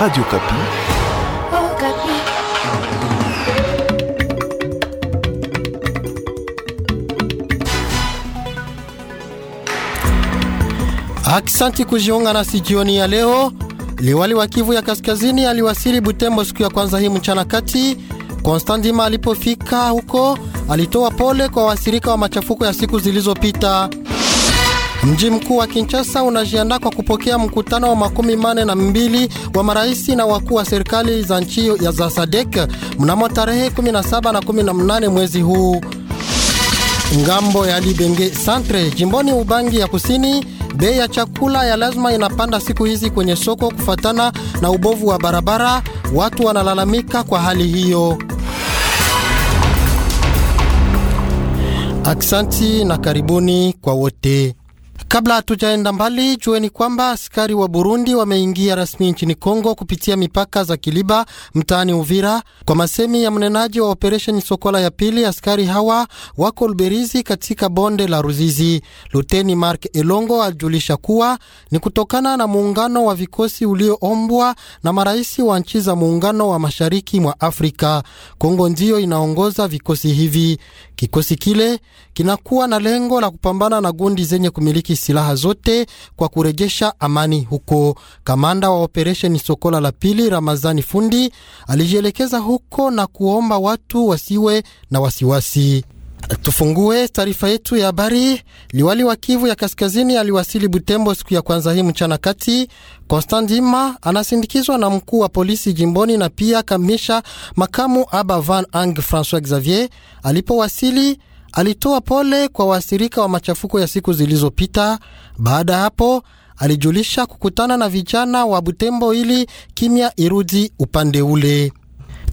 Radio Kapi. Oh, Kapi. Aksanti kujiunga nasi jioni ya leo. Liwali wa Kivu ya Kaskazini aliwasili Butembo siku ya kwanza hii mchana kati. Konstantima alipofika huko alitoa pole kwa wasirika wa machafuko ya siku zilizopita. Mji mkuu wa Kinshasa unajiandaa kwa kupokea mkutano wa makumi mane na mbili wa maraisi na wakuu wa serikali za nchi ya za Sadek mnamo tarehe 17 na 18 mwezi huu. Ngambo ya Libenge Centre jimboni Ubangi ya Kusini, bei ya chakula ya lazima inapanda siku hizi kwenye soko kufatana na ubovu wa barabara. Watu wanalalamika kwa hali hiyo. Aksanti na karibuni kwa wote. Kabla hatujaenda mbali, jueni kwamba askari wa Burundi wameingia rasmi nchini Kongo kupitia mipaka za Kiliba mtaani Uvira. Kwa masemi ya mnenaji wa operesheni Sokola ya pili, askari hawa wako Luberizi katika bonde la Ruzizi. Luteni Mark Elongo alijulisha kuwa ni kutokana na muungano wa vikosi ulioombwa na marais wa nchi za muungano wa mashariki mwa Afrika. Kongo ndiyo inaongoza vikosi hivi. Kikosi kile kinakuwa na lengo la kupambana na gundi zenye kumiliki silaha zote kwa kurejesha amani huko. Kamanda wa operesheni Sokola la pili Ramazani Fundi alijielekeza huko na kuomba watu wasiwe na wasiwasi. Tufungue taarifa yetu ya habari. Liwali wa Kivu ya Kaskazini aliwasili Butembo siku ya kwanza hii mchana kati. dima anasindikizwa na mkuu wa polisi jimboni na pia kamisha makamu aba Van Ang Francois Xavier alipowasili Alitoa pole kwa waathirika wa machafuko ya siku zilizopita. Baada ya hapo, alijulisha kukutana na vijana wa Butembo ili kimya irudi upande ule.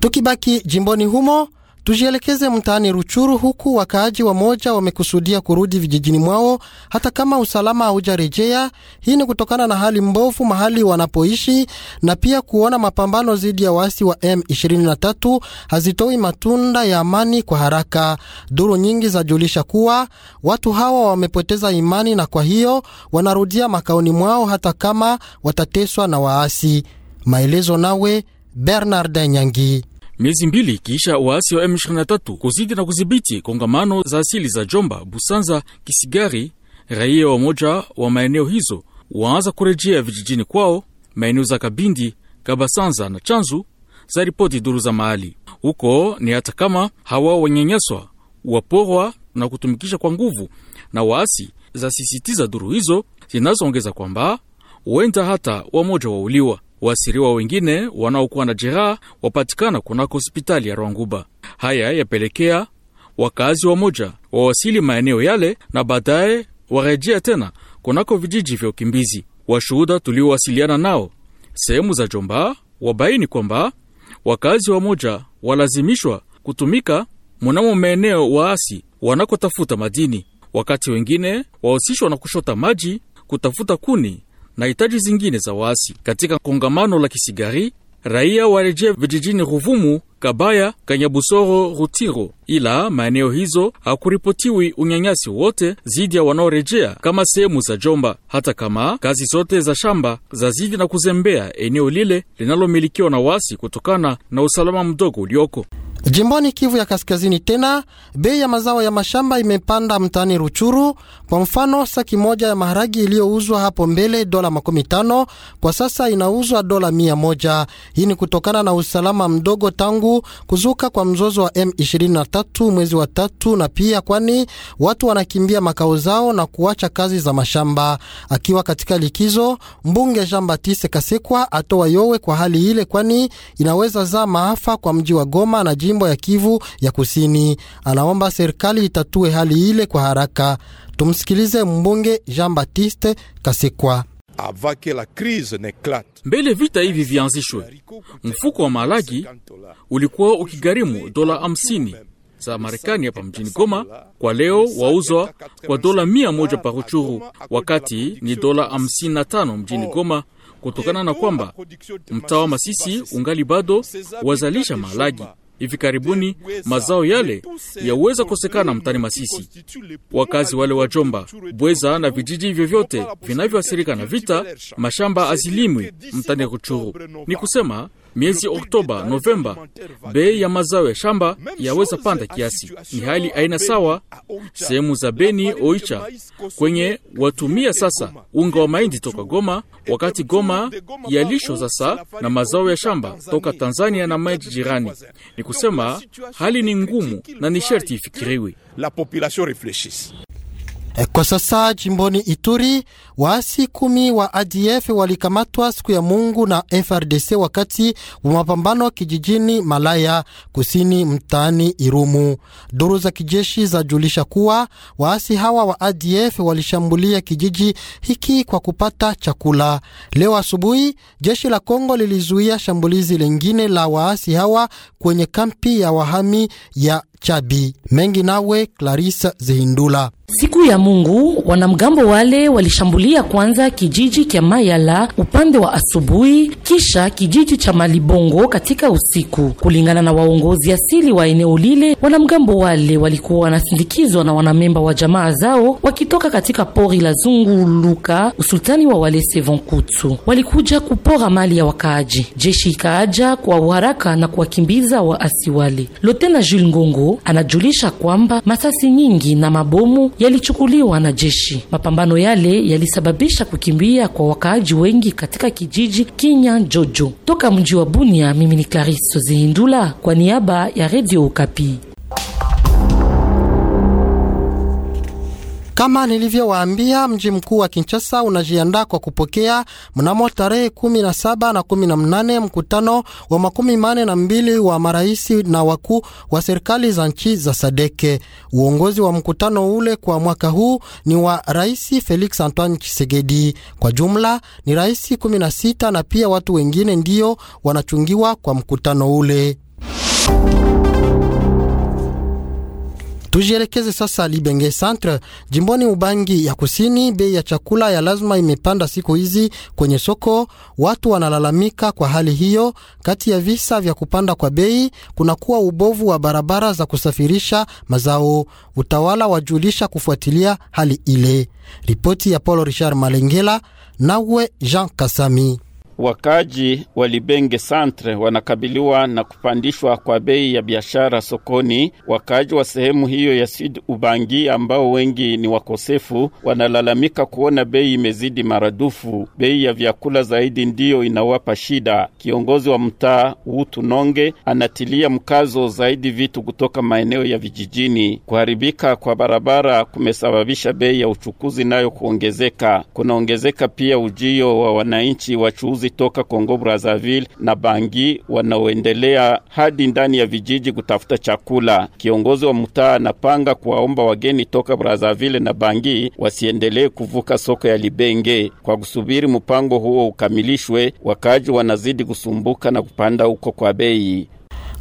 Tukibaki jimboni humo Tujielekeze mtaani Ruchuru, huku wakaaji wamoja wamekusudia kurudi vijijini mwao hata kama usalama haujarejea. Hii ni kutokana na hali mbovu mahali wanapoishi na pia kuona mapambano dhidi ya waasi wa M23 hazitoi matunda ya amani kwa haraka. Duru nyingi zajulisha kuwa watu hawa wamepoteza imani na kwa hiyo wanarudia makaoni mwao hata kama watateswa na waasi. Maelezo nawe Bernard Nyangi. Miezi mbili kisha waasi wa M23 kuzidi na kudhibiti kongamano za asili za Jomba, Busanza, Kisigari, raia wa moja wa maeneo hizo waanza kurejea vijijini kwao maeneo za Kabindi, Kabasanza na Chanzu, za ripoti duru za mahali huko. Ni hata kama hawa wanyanyaswa, waporwa na kutumikisha kwa nguvu na waasi, zasisitiza duru hizo zinazoongeza kwamba huenda hata wamoja wauliwa. Waasiriwa wengine wanaokuwa na jeraha wapatikana kunako hospitali ya Rwanguba. Haya yapelekea wakazi wa moja wawasili maeneo yale na baadaye warejea tena kunako vijiji vya ukimbizi. Washuhuda tuliowasiliana nao sehemu za Jomba wabaini kwamba wakazi wa moja walazimishwa kutumika mnamo maeneo waasi wanakotafuta madini, wakati wengine wahusishwa na kushota maji, kutafuta kuni na hitaji zingine za waasi. Katika kongamano la Kisigari, raia warejee vijijini Ruvumu, Kabaya, Kanyabusoro, Rutiro, ila maeneo hizo hakuripotiwi unyanyasi wote zidi ya wanaorejea kama sehemu za Jomba, hata kama kazi zote za shamba za zidi na kuzembea eneo lile linalomilikiwa na wasi kutokana na usalama mdogo ulioko. Jimboni Kivu ya Kaskazini, tena bei ya mazao ya mashamba imepanda mtaani Ruchuru. Kwa mfano, saki moja ya maharagi iliyouzwa hapo mbele dola makumi tano kwa sasa inauzwa dola mia moja. Hii ni kutokana na usalama mdogo tangu kuzuka kwa mzozo wa M23 mwezi wa tatu, na pia kwani watu wanakimbia makao zao na kuacha kazi za mashamba. Akiwa katika likizo, mbunge Jean Baptiste Kasekwa atoa yowe kwa hali ile, kwani inaweza zaa maafa kwa mji wa Goma na jimbo majimbo ya Kivu ya Kusini. Anaomba serikali itatue hali ile kwa haraka. Tumsikilize mbunge Jean Baptiste Kasekwa. Mbele vita hivi vianzishwe, mfuko wa malagi ulikuwa ukigharimu dola 50 za Marekani hapa mjini Goma, kwa leo wauzwa kwa dola 1 pa Ruchuru, wakati ni dola 55 mjini Goma, kutokana na kwamba mtaa wa Masisi ungali bado wazalisha malagi Hivi karibuni mazao yale yaweza kosekana mtani Masisi. Wakazi wale wa Jomba, Bweza na vijiji vyovyote vinavyoathirika na vita, mashamba azilimwi mtani ya Ruchuru. Ni kusema Miezi Oktoba, Novemba, bei ya mazao ya shamba yaweza panda kiasi. Ni hali aina sawa sehemu za Beni, Oicha kwenye watumia sasa unga wa mahindi toka Goma, wakati Goma ya lisho sasa na mazao ya shamba toka Tanzania na maji jirani. Ni kusema hali ni ngumu na ni sharti réfléchisse. Eh, kwa sasa jimboni Ituri, waasi kumi wa ADF walikamatwa siku ya Mungu na FRDC wakati wa mapambano kijijini Malaya kusini mtaani Irumu. Duru za kijeshi zajulisha kuwa waasi hawa wa ADF walishambulia kijiji hiki kwa kupata chakula. Leo asubuhi, jeshi la Kongo lilizuia shambulizi lingine la waasi hawa kwenye kampi ya wahami ya Chabi mengi nawe Clarissa Zihindula. Siku ya Mungu wanamgambo wale walishambulia kwanza kijiji kya Mayala upande wa asubuhi, kisha kijiji cha Malibongo katika usiku. Kulingana na waongozi asili wa eneo lile, wanamgambo wale walikuwa wanasindikizwa na wanamemba wa jamaa zao wakitoka katika pori la Zunguluka, usultani wa wale Sevonkutsu. Walikuja kupora mali ya wakaaji. Jeshi ikaaja kwa uharaka na kuwakimbiza waasi wale. Lotena Jules Ngongo anajulisha kwamba masasi nyingi na mabomu yalichukuliwa na jeshi. Mapambano yale yalisababisha kukimbia kwa wakaaji wengi katika kijiji Kinya Jojo. Toka mji wa Bunia, mimi ni Clarisse Zihindula kwa niaba ya Radio Okapi. Kama nilivyowaambia, mji mkuu wa Kinshasa unajiandaa kwa kupokea mnamo tarehe 17 na 18 mkutano wa makumi mane na mbili wa marais na wakuu wa serikali za nchi za Sadeke. Uongozi wa mkutano ule kwa mwaka huu ni wa Rais Felix Antoine Chisegedi. Kwa jumla ni rais 16 na pia watu wengine ndio wanachungiwa kwa mkutano ule. Tujielekeze sasa Libenge Centre jimboni Ubangi ya Kusini. Bei ya chakula ya lazima imepanda siku hizi kwenye soko, watu wanalalamika kwa hali hiyo. Kati ya visa vya kupanda kwa bei kunakuwa ubovu wa barabara za kusafirisha mazao. Utawala wajulisha kufuatilia hali ile. Ripoti ya paul Richard Malengela nawe Jean Kasami. Wakaji wa Libenge Centre wanakabiliwa na kupandishwa kwa bei ya biashara sokoni. Wakaji wa sehemu hiyo ya Sud Ubangi ambao wengi ni wakosefu wanalalamika kuona bei imezidi maradufu. Bei ya vyakula zaidi ndiyo inawapa shida. Kiongozi wa mtaa Utu Nonge anatilia mkazo zaidi vitu kutoka maeneo ya vijijini. Kuharibika kwa barabara kumesababisha bei ya uchukuzi nayo kuongezeka. Kunaongezeka pia ujio wa wananchi wachuuzi wakimbizi toka Kongo Brazzaville na Bangi wanaoendelea hadi ndani ya vijiji kutafuta chakula. Kiongozi wa mtaa anapanga kuwaomba wageni toka Brazzaville na Bangi wasiendelee kuvuka soko ya Libenge. Kwa kusubiri mpango huo ukamilishwe, Wakaji wanazidi kusumbuka na kupanda huko kwa bei.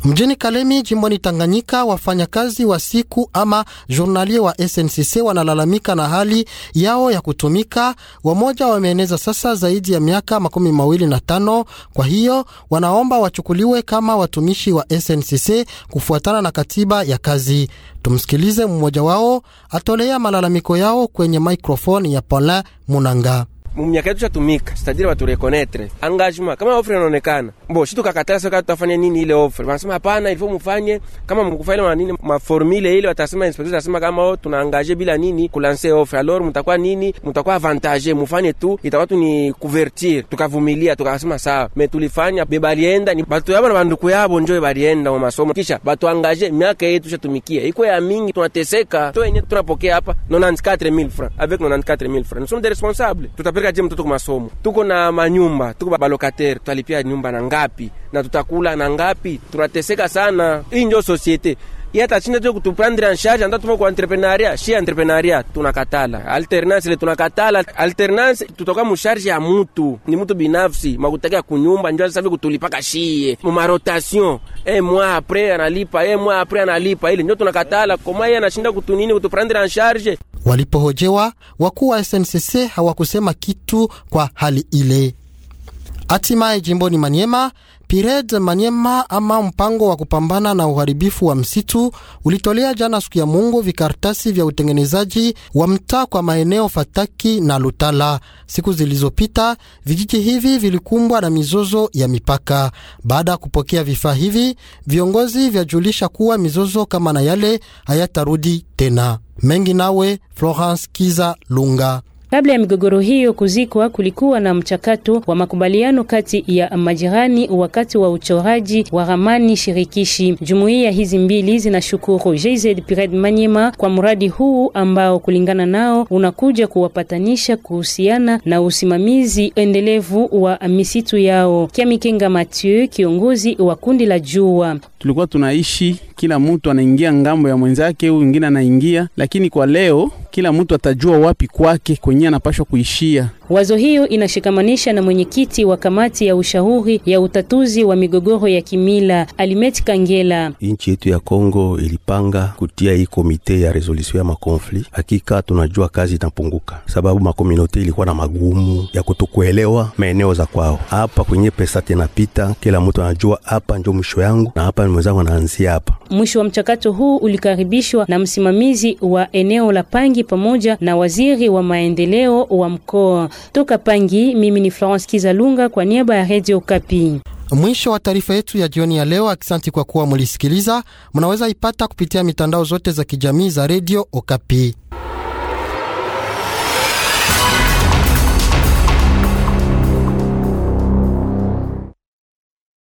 Mjini Kalemi jimboni Tanganyika, wafanyakazi wa siku ama journalie wa SNCC wanalalamika na hali yao ya kutumika. Wamoja wameeneza sasa zaidi ya miaka makumi mawili na tano. Kwa hiyo wanaomba wachukuliwe kama watumishi wa SNCC kufuatana na katiba ya kazi. Tumsikilize mmoja wao atolea malalamiko yao kwenye maikrofoni ya Paulin Munanga mumiaka yetu shatumika sitadiri baturekonetre engagement kama ofre inaonekana bo shi tukakatala soka tutafanya nini ile ofre wanasema hapana ilifo mufanye kama mkufa ile manini maformule ile watasema inspector watasema kama o oh, tuna bila nini kulanse ofre alors mtakuwa nini mtakuwa avantage mufanye tu itakuwa tu ni couverture tukavumilia tukasema sawa me tulifanya me balienda ni batu yabo na banduku yabo njo balienda mu masomo kisha batu engage miaka yetu shatumikia iko ya mingi tunateseka to tunapokea hapa 94000 francs avec 94000 francs nous sommes des responsables tutapeka tutapeleka je mtoto kwa masomo? Tuko na manyumba, tuko balokateri, tutalipia nyumba na ngapi na tutakula na ngapi? Tunateseka sana. Hii ndio societe yata chinda tu kutuprendre en charge anda tumo kwa entrepreneuria shi entrepreneuria tunakatala alternance ile tunakatala alternance tutoka mu charge ya mutu ni mutu binafsi makutaka kunyumba njoo sasa kutulipaka shie mu marotation eh mwa après analipa eh mwa après analipa ile ndio tunakatala koma yeye anashinda kutunini kutuprendre en charge Walipohojewa wakuu wa SNCC hawakusema kitu kwa hali ile. Hatimaye jimboni Maniema Pired Maniema ama mpango wa kupambana na uharibifu wa msitu ulitolea jana siku ya Mungu vikartasi vya utengenezaji wa mtaa kwa maeneo Fataki na Lutala. Siku zilizopita vijiji hivi vilikumbwa na mizozo ya mipaka. Baada ya kupokea vifaa hivi, viongozi vyajulisha kuwa mizozo kama na yale hayatarudi tena. Mengi nawe Florence Kiza Lunga. Kabla ya migogoro hiyo kuzikwa, kulikuwa na mchakato wa makubaliano kati ya majirani wakati wa uchoraji wa ramani shirikishi. Jumuiya hizi mbili zinashukuru JZ Pired Manyema kwa mradi huu ambao kulingana nao unakuja kuwapatanisha kuhusiana na usimamizi endelevu wa misitu yao. Kiamikenga Mathieu, kiongozi wa kundi la Jua: tulikuwa tunaishi kila mtu anaingia ngambo ya mwenzake, huyu mwingine anaingia, lakini kwa leo kila mtu atajua wapi kwake kwenye anapashwa kuishia. Wazo hiyo inashikamanisha na mwenyekiti wa kamati ya ushauri ya utatuzi wa migogoro ya kimila Alimet Kangela. Nchi yetu ya Kongo ilipanga kutia hii komite ya resolution ya makonfli. Hakika tunajua kazi itapunguka, sababu makomunote ilikuwa na magumu ya kutokuelewa maeneo za kwao. Hapa kwenye pesa tenapita, kila mtu anajua hapa ndio mwisho yangu na hapa mwenzangu anaanzia hapa. Mwisho wa mchakato huu ulikaribishwa na msimamizi wa eneo la Pangi pamoja na waziri wa maendeleo wa mkoa. Toka Pangi, mimi ni Florence Kizalunga kwa niaba ya Radio Kapi. Mwisho wa taarifa yetu ya jioni ya leo. Aksanti kwa kuwa mulisikiliza. Mnaweza ipata kupitia mitandao zote za kijamii za Radio Okapi.